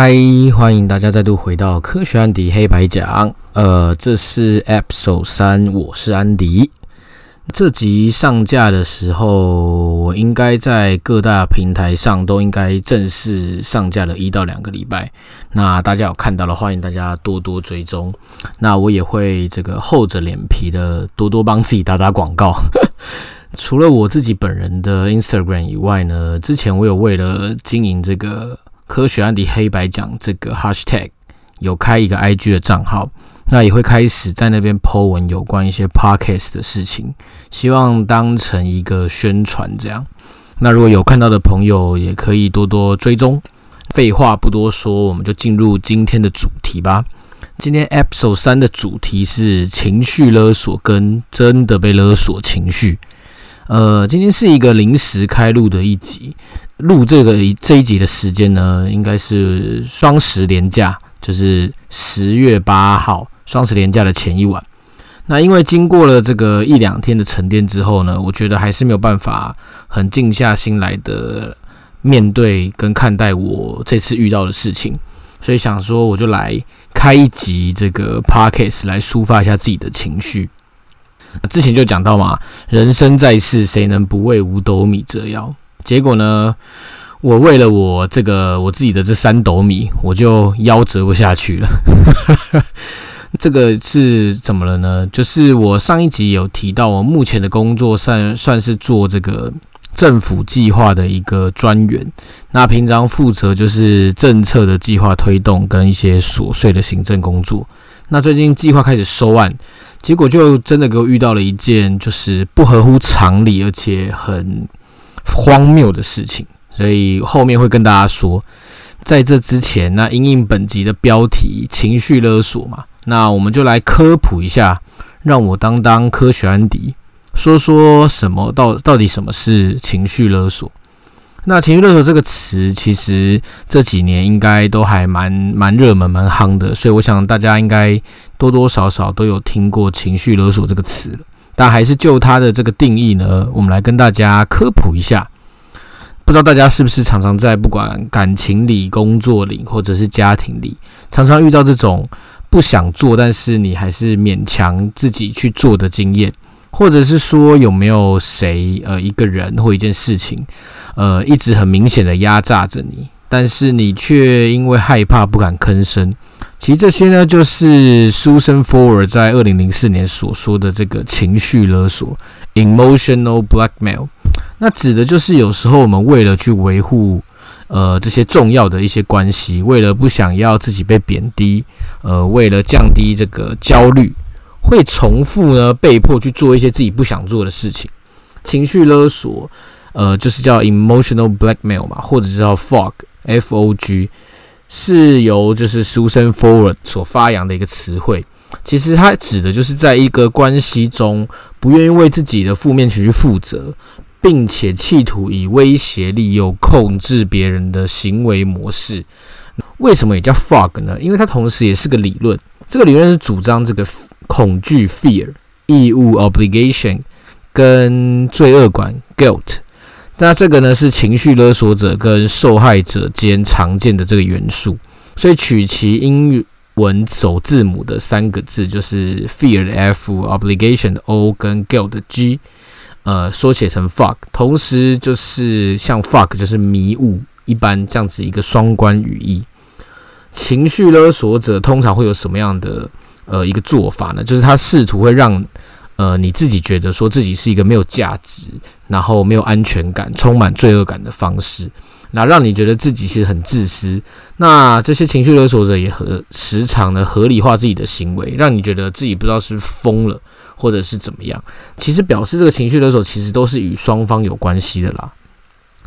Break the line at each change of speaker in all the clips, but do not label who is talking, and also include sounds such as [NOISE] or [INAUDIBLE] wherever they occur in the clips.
嗨，歡迎大家再度回到科學安迪黑白講。呃，這是 EP 三，我是安迪。這集上架的時候，我應該在各大平台上都應該正式上架了一到兩個禮拜。那大家有看到了，歡迎大家多多追蹤。那我也會這個厚着臉皮的多多幫自己打打廣告。 [LAUGHS] 除了我自己本人的 Instagram 以外呢，之前我有為了經營這個。科學安迪黑白講這個 hashtag 有開一個 IG 的賬號，那也會開始在那邊 po 文有關一些 podcast 的事情，希望當成一個宣傳這樣。那如果有看到的朋友，也可以多多追蹤。廢話不多說，我們就進入今天的主題吧。今天 Episode 三的主題是情緒勒索跟真的被勒索情緒。呃，今天是一個臨時開錄的一集。錄這個這一集的時間呢，應該是雙十連假，就是十月八號，雙十連假的前一晚。那因為經過了這個一兩天的沉澱之後呢，我覺得還是沒有辦法很靜下心來的面對跟看待我這次遇到的事情，所以想說我就來開一集這個 podcast 來抒發一下自己的情緒。之前就講到嘛，人生在世，誰能不為五斗米折腰？結果呢，我為了我這個我自己的這三斗米，我就腰折不下去了。 [LAUGHS] 這個是怎麼了呢？就是我上一集有提到，我目前的工作算算是做這個政府計劃的一個專員。那平常負責就是政策的計劃推動跟一些瑣碎的行政工作。那最近計劃開始收案，結果就真的給我遇到了一件就是不合乎常理，而且很荒謬的事情，所以後面會跟大家說。在這之前，那因應本集的標題“情緒勒索”嘛，那我們就來科普一下，讓我當當科學安迪，說說什麼到到底什麼是情緒勒索？那“情緒勒索”這個詞，其實這幾年應該都還蠻蠻熱門蠻夯的，所以我想大家應該多多少少都有聽過“情緒勒索”這個詞了。但還是就他的這個定義呢，我們來跟大家科普一下。不知道大家是不是常常在不管感情裡、工作裡，或者是家庭裡，常常遇到這種不想做，但是你還是勉強自己去做的經驗，或者是說有沒有誰呃一個人或一件事情，呃一直很明顯的壓榨着你，但是你卻因為害怕不敢吭聲。其實這些呢，就是 Susan Forward 在二零零四年所說的這個情緒勒索 （emotional blackmail）。那指的就是有時候我們為了去維護呃這些重要的一些關係，為了不想要自己被貶低，呃，為了降低這個焦慮，會重複呢被迫去做一些自己不想做的事情。情緒勒索，呃，就是叫 emotional blackmail 嘛，或者叫 fog（f o g）。是由就是 Susan Forward 所發揚的一個詞彙，其實它指的就是在一個關係中，不願意為自己的負面情緒負責，並且企圖以威脅、利誘、控制別人的行為模式。為什麼也叫 FOG 呢？因為它同時也是個理論，這個理論是主張這個恐懼 （Fear）、義務 （Obligation） 跟罪惡感 （Guilt）。那這個呢，是情緒勒索者跟受害者間常見的這個元素，所以取其英文首字母的三個字，就是 fear 的 f，obligation 的 o，跟 guilt 的 g，呃，縮寫成 fog。同時就是像 fog 就是迷霧一般這樣子一個雙關語義。情緒勒索者通常會有什麼樣的呃一個做法呢？就是他試圖會讓呃你自己覺得說自己是一個沒有價值。然後沒有安全感，充滿罪惡感的方式，那讓你覺得自己其實很自私。那這些情緒勒索者也和時常的合理化自己的行為，讓你覺得自己不知道是不是瘋了，或者是怎麼樣。其實表示這個情緒勒索其實都是與雙方有關係的啦。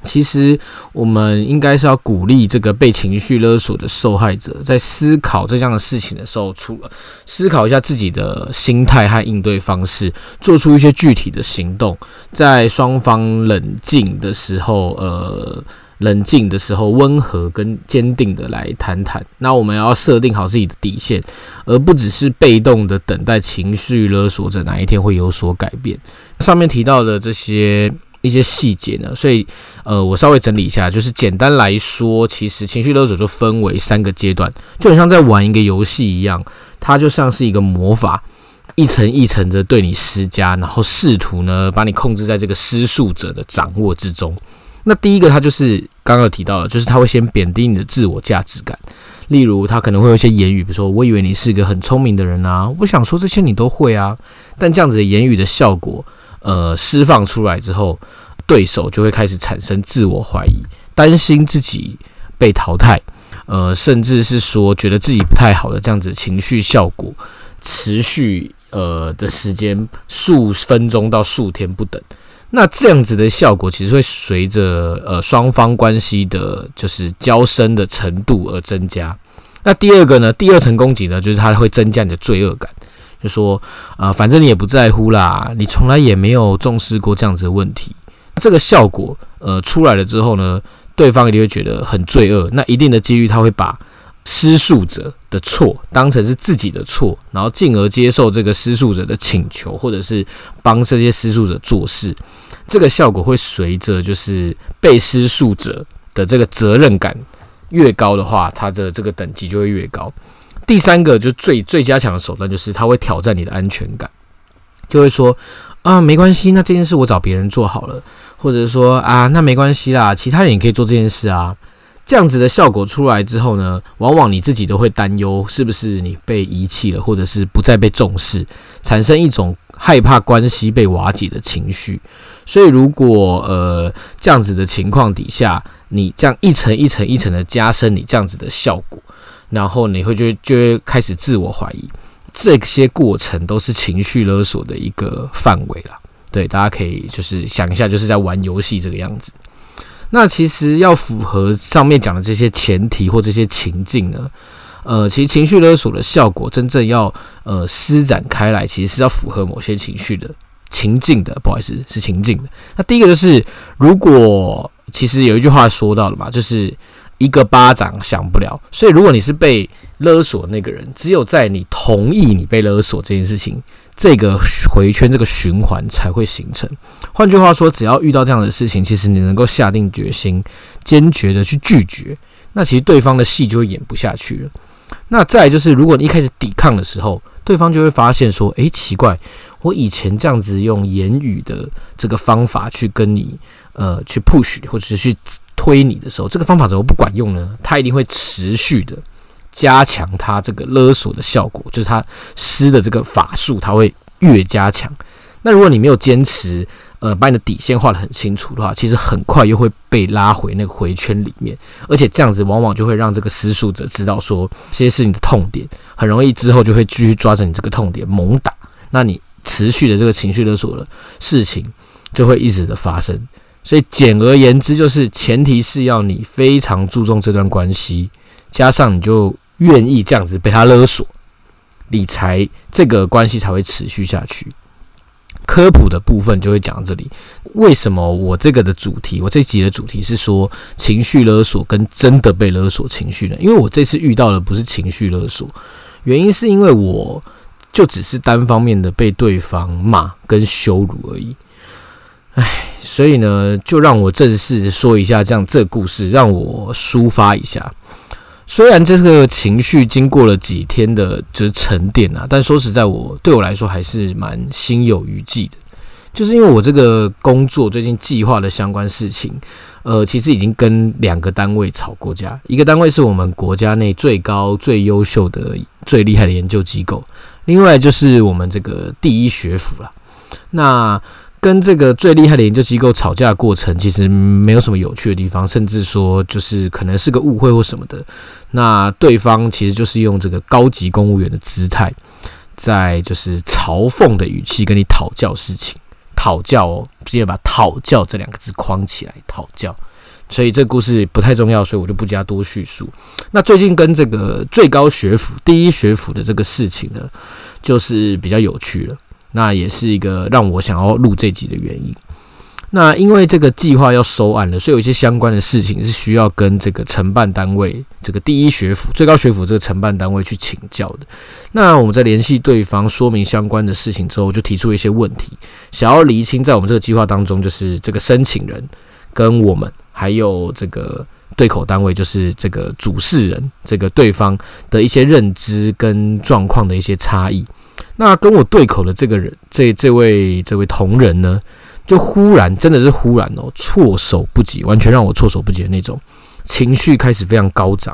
其實我們應該是要鼓勵這個被情緒勒索的受害者，在思考這樣的事情的時候，除了思考一下自己的心態和應對方式，做出一些具體的行動，在雙方冷靜的時候，呃，冷靜的時候溫和跟堅定的來談談。那我們要設定好自己的底線，而不只是被動的等待情緒勒索者哪一天會有所改變。上面提到的這些。一些細節呢，所以呃，我稍微整理一下，就是簡單來說，其實情緒勒索就分為三個階段，就很像在玩一個遊戲一樣，它就像是一個魔法，一層一層的對你施加，然後試圖呢把你控制在這個施術者的掌握之中。那第一個，它就是剛剛有提到的，就是他會先貶低你的自我價值感，例如他可能會有一些言語，比如說“我以為你是一個很聰明的人啊，我想說這些你都會啊”，但這樣子的言語的效果。呃，釋放出來之後，對手就會開始產生自我懷疑，擔心自己被淘汰，呃，甚至是說覺得自己不太好的這樣子情緒效果，持續呃的時間數分鐘到數天不等。那這樣子的效果其實會隨着呃雙方關係的，就是交深的程度而增加。那第二個呢，第二層攻擊呢，就是它會增加你的罪惡感。就說，呃，反正你也不在乎啦，你從來也沒有重視過這樣子的問題。這個效果，呃，出來了之後呢，對方一定會覺得很罪惡。那一定的幾率他會把施術者的錯當成是自己的錯，然後進而接受這個施術者的請求，或者是幫這些施術者做事。這個效果會隨着就是被施術者的這個責任感越高的話，他的這個等級就會越高。第三個就最最加強的手段，就是他會挑戰你的安全感，就會說啊，沒關係，那這件事我找別人做好了，或者說啊，那沒關係啦，其他人也可以做這件事啊。這樣子的效果出來之後呢，往往你自己都會擔憂，是不是你被遺棄了，或者是不再被重視，產生一種害怕關係被瓦解的情緒。所以，如果呃這樣子的情況底下，你這樣一層一層一層的加深，你這樣子的效果。然後你會就就會開始自我懷疑，這些過程都是情緒勒索的一個範圍啦。對，大家可以就是想一下，就是在玩遊戲這個樣子。那其實要符合上面講的這些前提或這些情境呢，呃，其實情緒勒索的效果真正要呃施展開來，其實是要符合某些情緒的情境的。不好意思，是情境的。那第一個就是，如果其實有一句話說到了嘛，就是。一個巴掌響不了，所以如果你是被勒索的那個人，只有在你同意你被勒索這件事情，這個回圈這個循環才會形成。換句話說，只要遇到這樣的事情，其實你能夠下定決心、堅決的去拒絕，那其實對方的戲就演不下去了。那再就是，如果你一開始抵抗的時候，對方就會發現說：“誒，奇怪，我以前這樣子用言語的這個方法去跟你，呃，去 push 或者是去推你的時候，這個方法怎麼不管用呢？”他一定會持續的加強他這個勒索的效果，就是他施的這個法術，他會越加強。那如果你沒有堅持，呃，把你的底線畫得很清楚的話，其實很快又會被拉回那個回圈裡面，而且這樣子往往就會讓這個施術者知道說，這些是你的痛點，很容易之後就會繼續抓着你這個痛點，猛打，那你持續的這個情緒勒索的，事情就會一直的發生。所以簡而言之，就是前提是要你非常注重這段關係，加上你就願意這樣子被他勒索，你才這個關係才會持續下去。科普的部分就會講到這裡。為什麼我這個的主題，我這集的主題是說情緒勒索跟真的被勒索情緒呢？因為我這次遇到的不是情緒勒索，原因是因為我就只是單方面的被對方罵跟羞辱而已。哎，所以呢，就讓我正式說一下這樣這故事，讓我抒發一下。雖然這個情緒經過了幾天的就是沉澱啊，但說實在我，我對我來說還是蠻心有餘悸的。就是因為我這個工作最近計劃的相關事情，呃，其實已經跟兩個單位吵過架。一個單位是我們國家內最高、最優秀的、最厲害的研究機構，另外就是我們這個第一學府了啊。那跟這個最厲害的研究機構吵架的過程，其實沒有什麼有趣的地方，甚至說就是可能是個誤會或什麼的。那對方其實就是用這個高級公務員的姿態，在就是嘲諷的語氣跟你討教事情，討教，哦，直接把“討教”這兩個字框起來，討教。所以這故事不太重要，所以我就不加多敘述。那最近跟這個最高學府、第一學府的這個事情呢，就是比較有趣了。那也是一個讓我想要錄這集的原因。那因為這個計劃要收案了，所以有一些相關的事情是需要跟這個承辦單位，這個第一學府、最高學府這個承辦單位去請教的。那我們在聯繫對方說明相關的事情之後，就提出一些問題，想要釐清在我們這個計劃當中，就是這個申請人跟我們還有這個對口單位，就是這個主事人這個對方的一些認知跟狀況的一些差異。那跟我對口的這個人，這這位這位同仁呢，就忽然真的是忽然哦，措手不及，完全讓我措手不及的那種，情緒開始非常高漲。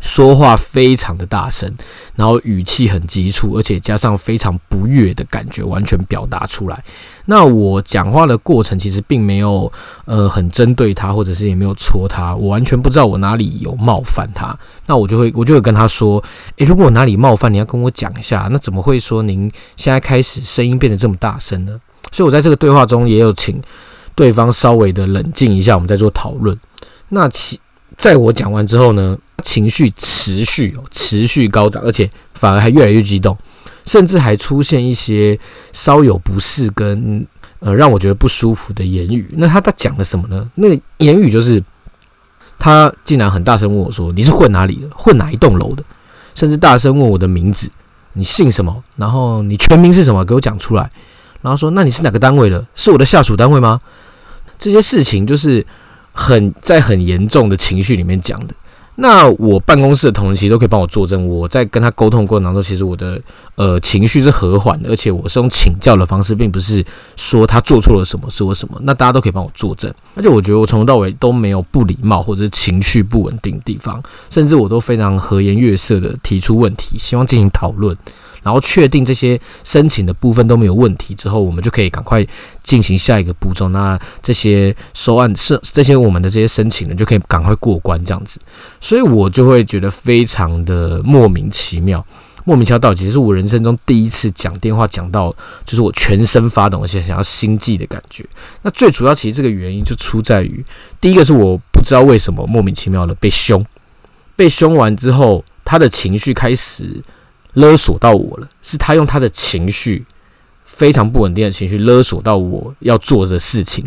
說話非常的大聲，然後語氣很急促，而且加上非常不悅的感覺，完全表達出來。那我講話的過程其實並沒有，呃，很針對他，或者是也沒有戳他，我完全不知道我哪裡有冒犯他。那我就會，我就會跟他說，誒，如果我哪裡冒犯，你要跟我講一下。那怎麼會說您現在開始聲音變得這麼大聲呢？所以我在這個對話中也有請對方稍微的冷靜一下，我們再做討論。那其在我講完之後呢，情緒持續、持續高漲，而且反而還越來越激動，甚至還出現一些稍有不適跟呃讓我覺得不舒服的言語。那他他講的什麼呢？那個言語就是他竟然很大聲問我說：“你是混哪裡的？混哪一棟樓的？”甚至大聲問我的名字：“你姓什麼？然後你全名是什麼？給我講出來。”然後說：“那你是哪個單位的？是我的下屬單位嗎？”這些事情就是。很在很嚴重的情緒裡面講的，那我辦公室的同事其實都可以幫我作證。我在跟他溝通過程當中，其實我的呃情緒是和緩的，而且我是用請教的方式，並不是說他做錯了什麼，是我什麼。那大家都可以幫我作證，而且我覺得我從頭到尾都沒有不禮貌或者是情緒不穩定的地方，甚至我都非常和顏悅色的提出問題，希望進行討論。然後確定這些申請的部分都沒有問題之後，我們就可以趕快進行下一個步驟。那這些收案是這些我們的這些申請人就可以趕快過關這樣子。所以我就會覺得非常的莫名其妙，莫名其妙到，其實是我人生中第一次講電話講到就是我全身發抖，而且想要心悸的感覺。那最主要其實這個原因就出在於，第一個是我不知道為什麼莫名其妙的被凶，被凶完之後，他的情緒開始。勒索到我了，是他用他的情緒，非常不穩定的情緒勒索到我要做的事情，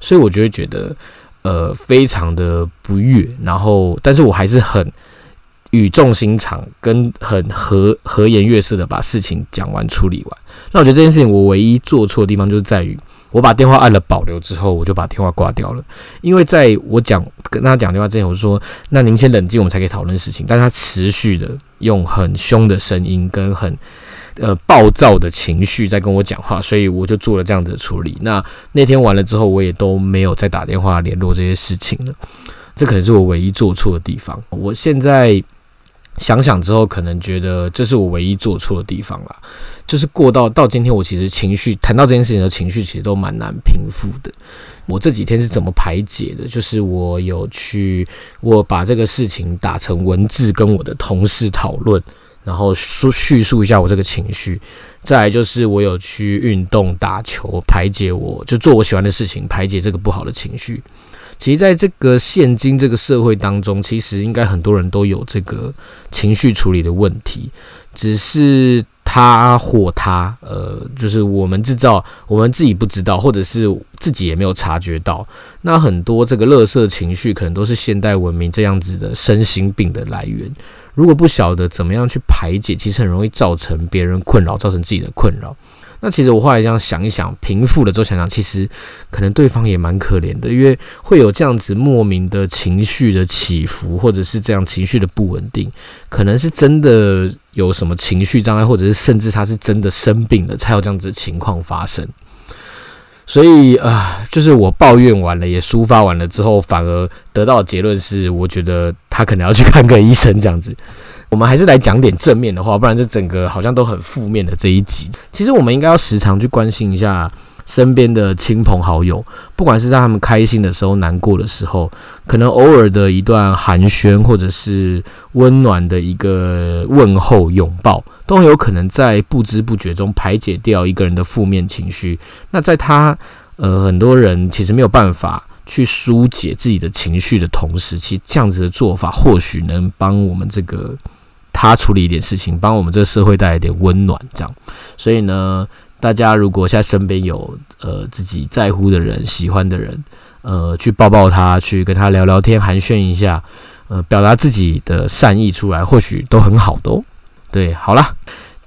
所以我就會覺得，呃，非常的不悅。然後，但是我還是很語重心長，跟很和和顏悅色的把事情講完處理完。那我覺得這件事情，我唯一做錯的地方就是在於。我把電話按了保留之後，我就把電話掛掉了。因為在我講跟他講電話之前，我就說：“那您先冷靜，我們才可以討論事情。”但他持續的用很凶的聲音跟很呃暴躁的情緒在跟我講話，所以我就做了這樣子的處理。那那天完了之後，我也都沒有再打電話聯絡這些事情了。這可能是我唯一做錯的地方。我現在。想想之後，可能覺得這是我唯一做錯的地方啦。就是過到到今天，我其實情緒談到這件事情的情緒，其實都蠻難平復的。我這幾天是怎麼排解的？就是我有去，我把這個事情打成文字，跟我的同事討論，然後說敘述，述一下我這個情緒。再來就是我有去運動打球排解，我就做我喜歡的事情排解這個不好的情緒。其實在這個現今這個社會當中，其實應該很多人都有這個情緒處理的問題，只是他或他，呃，就是我們製造，我們自己不知道，或者是自己也沒有察覺到。那很多這個垃圾情緒，可能都是現代文明這樣子的身心病的來源。如果不曉得怎麼樣去排解，其實很容易造成別人困擾，造成自己的困擾。那其實我後來這樣想一想，平復了之後想想，其實可能對方也蠻可憐的，因為會有這樣子莫名的情緒的起伏，或者是這樣情緒的不穩定，可能是真的有什麼情緒障礙，或者是甚至他是真的生病了，才有這樣子的情況發生。所以啊，就是我抱怨完了，也抒發完了之後，反而得到的結論是，我覺得他可能要去看個醫生，這樣子。我們還是來講點正面的話，不然這整個好像都很負面的這一集。其實我們應該要時常去關心一下身邊的親朋好友，不管是讓他們開心的時候、難過的時候，可能偶爾的一段寒暄，或者是溫暖的一個問候、擁抱，都很有可能在不知不覺中排解掉一個人的負面情緒。那在他呃，很多人其實沒有辦法去疏解自己的情緒的同時，其實這樣子的做法或許能幫我們這個。他處理一點事情，幫我們這個社會帶來一點溫暖，這樣。所以呢，大家如果現在身邊有呃自己在乎的人、喜歡的人，呃，去抱抱他，去跟他聊聊天，寒暄一下，呃，表達自己的善意出來，或許都很好的哦。對，好啦，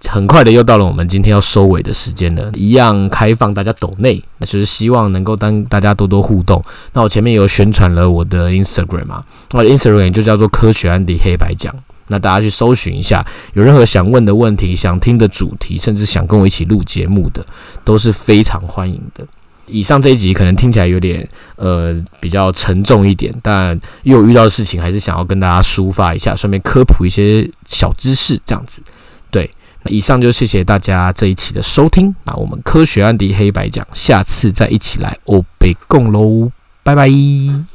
很快的又到了我們今天要收尾的時間了，一樣開放大家抖內，那就是希望能夠當大家多多互動。那我前面有宣傳了我的 Instagram 嘛、啊？我的 Instagram 就叫做科學安迪黑白講。那大家去搜尋一下，有任何想問的問題、想聽的主題，甚至想跟我一起錄節目的，都是非常歡迎的。以上這一集可能聽起來有點呃比較沉重一點，但又遇到事情還是想要跟大家抒發一下，順便科普一些小知識，這樣子。對，那以上就謝謝大家這一期的收聽，那我們科學安迪黑白講，下次再一起來歐北共嘍，拜拜。